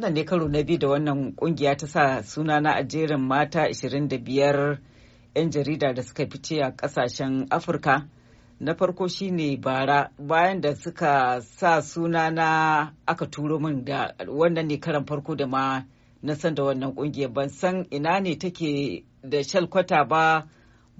wannan ne karo na biyu da wannan kungiya ta sa suna na a jerin mata 25 'yan jarida da suka fice a kasashen afirka na farko shine bara bayan da suka sa suna na aka turo min da wannan ne karan farko da ma na san da wannan kungiyar ban san ina ne take da shalkwata ba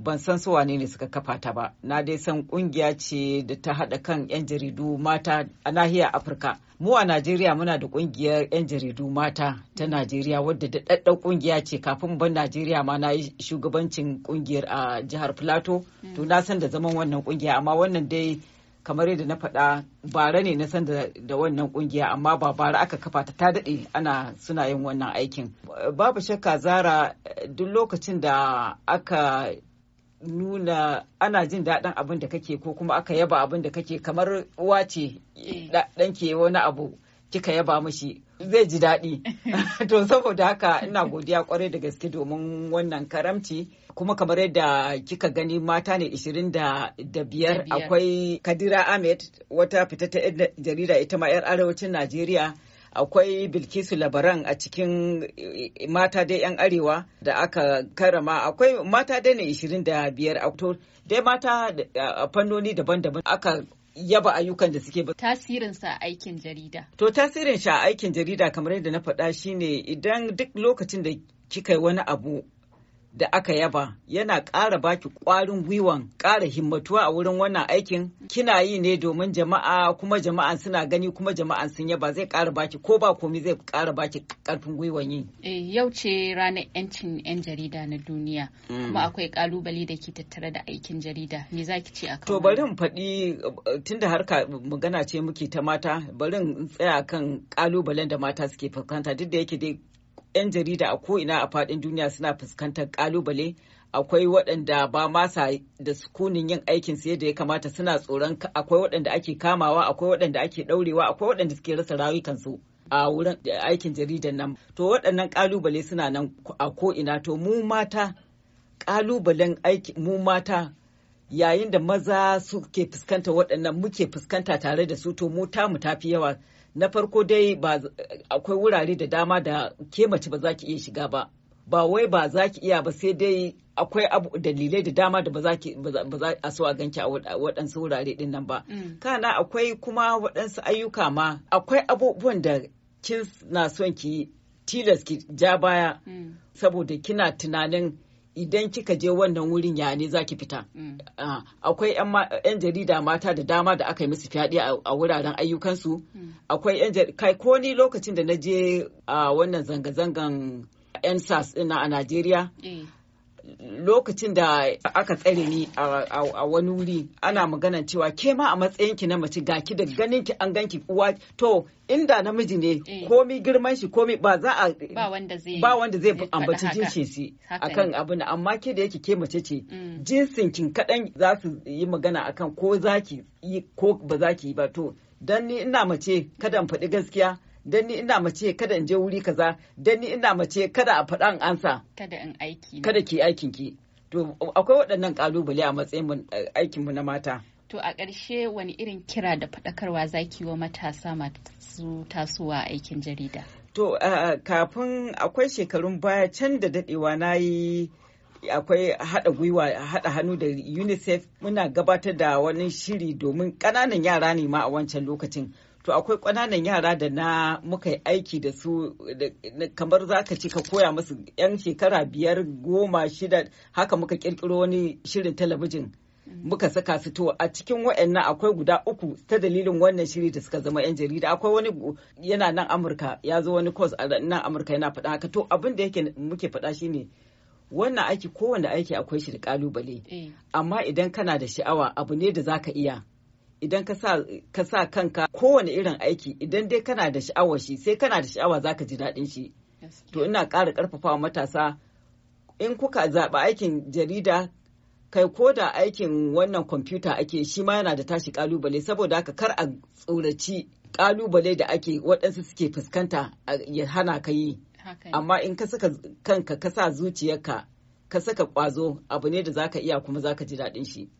ban san su wane ne suka kafa ta ba na dai san kungiya ce da ta haɗa kan 'yan jaridu mata a nahiyar afirka mu a najeriya muna da kungiyar 'yan jaridu mata ta najeriya wadda daɗaɗɗen kungiya ce kafin ban najeriya ma na yi shugabancin kungiyar a jihar plateau hmm. to na san da zaman wannan kungiya amma wannan dai kamar yadda na faɗa bara ne na san da wannan kungiya amma ba bara aka kafa ta ta daɗe ana suna yin wannan aikin babu shakka zara duk lokacin da aka nuna ana jin daɗin abin da kake ko kuma aka yaba abin da kake kamar uwa ce eh. ɗanke wani abu kika yaba mashi zai ji daɗi to saboda haka ina godiya kwarai da gaske domin wannan karamci kuma kamar yadda kika gani mata ne 25 akwai kadira ahmed wata fitatta jarida ita ma 'yar arewacin najeriya akwai bilkisu labaran a cikin eh, mata dai 'yan arewa da aka karama akwai mata dai ne 25 a dai mata a fannoni daban-daban aka yaba ayyukan da suke ba. Tasirin sa aikin jarida. To tasirin sa aikin jarida kamar yadda na faɗa shine idan duk lokacin da kika yi wani abu da aka yaba yana ƙara baki ƙwarin gwiwan ƙara himmatuwa a wurin wannan aikin kina yi ne domin jama'a kuma jama'an suna gani kuma jama'an sun yaba zai ƙara baki ko ba komi zai ƙara baki ƙarfin gwiwan yi. Eh, yau ce ranar 'yancin 'yan jarida na duniya kuma mm. akwai ƙalubale da ke tattare da aikin jarida me za ki ce a to bari in faɗi eh, tunda harka magana ce muke ta mata bari in tsaya kan ƙalubalen da mata suke fuskanta duk da yake dai 'yan jarida a ko'ina a faɗin duniya suna fuskantar ƙalubale akwai waɗanda ba masa da sukunin yin aikin su yadda ya kamata suna tsoron akwai waɗanda ake kamawa akwai waɗanda ake ɗaurewa akwai waɗanda suke rasa rayukansu a wurin aikin jaridan nan to waɗannan ƙalubale suna nan a ko'ina to mu mata ƙalubalen aiki mu mata yayin da maza suke fuskanta waɗannan muke fuskanta tare da su to mu tafi yawa na farko dai ba akwai wurare da dama da ke mace ba za ki iya shiga ba ba wai ba za ki iya ba sai dai akwai dalilai da dama da ba za a so a ganki a waɗansu wurare ɗin nan ba mm. kana akwai kuma waɗansu ayyuka ma akwai abubuwan da kin na son ki tilas ki ja baya mm. saboda kina tunanin idan kika je wannan wurin ya ne zaki fita mm. akwai yan jarida mata da dama da aka yi musu fyaɗe a wuraren ayyukansu mm. akwai yan kai ko ni lokacin da na je a wannan zanga-zangan yan sas a najeriya eh. lokacin da aka tsare ni a wani wuri ana maganan cewa ke ma a matsayinki na mace ga ki da ganin ki an ganki uwa to inda namiji ne eh. komi girman shi komi ba za a ba wanda zai ambaci jinsin shi akan abin amma ke da yake ke mace ce mm. jinsin kin kadan za su yi magana akan ko zaki ko ba zaki yi ba to dan ni ina mace kada faɗi gaskiya dan ni ina mace kada in je wuri kaza dan ni ina mace kada a faɗa ansa kada in aiki kada ki aikin ki to akwai waɗannan kalubale a matsayin mu eh, aikin mu na mata to a ƙarshe wani irin kira da faɗakarwa zaki wa matasa masu tasowa aikin jarida to eh, kafin akwai shekarun baya can da dadewa nayi akwai haɗa gwiwa haɗa hannu da unicef muna gabatar da wani shiri domin ƙananan yara ne ma a wancan lokacin to akwai ƙananan yara da na muka yi aiki da su kamar za ka ci ka koya musu 'yan shekara biyar goma shida haka muka ƙirƙiro wani shirin talabijin mm. muka saka su to a cikin waɗannan akwai guda uku ta dalilin wannan shiri da suka zama 'yan jarida akwai wani yana nan amurka ya zo wani course a nan amurka yana faɗa haka to abin da yake muke faɗa shine wannan aiki kowane aiki akwai shi da kalubale eh. amma idan kana da sha'awa abu ne da zaka iya idan ka sa kanka kowane irin aiki idan dai kana da sha'awar shi sai kana da sha'awa za ka ji daɗin shi to ina ƙara ƙarfafawa matasa in kuka zaɓi aikin jarida kai ko da aikin wannan kwamfuta ake shi ma yana da tashi ƙalubale saboda haka kar a tsoraci ƙalubale da ake waɗansu suke fuskanta ya hana ka yi amma in ka saka kanka ka sa zuciyarka ka saka ƙwazo abu ne da zaka iya kuma zaka ji daɗin shi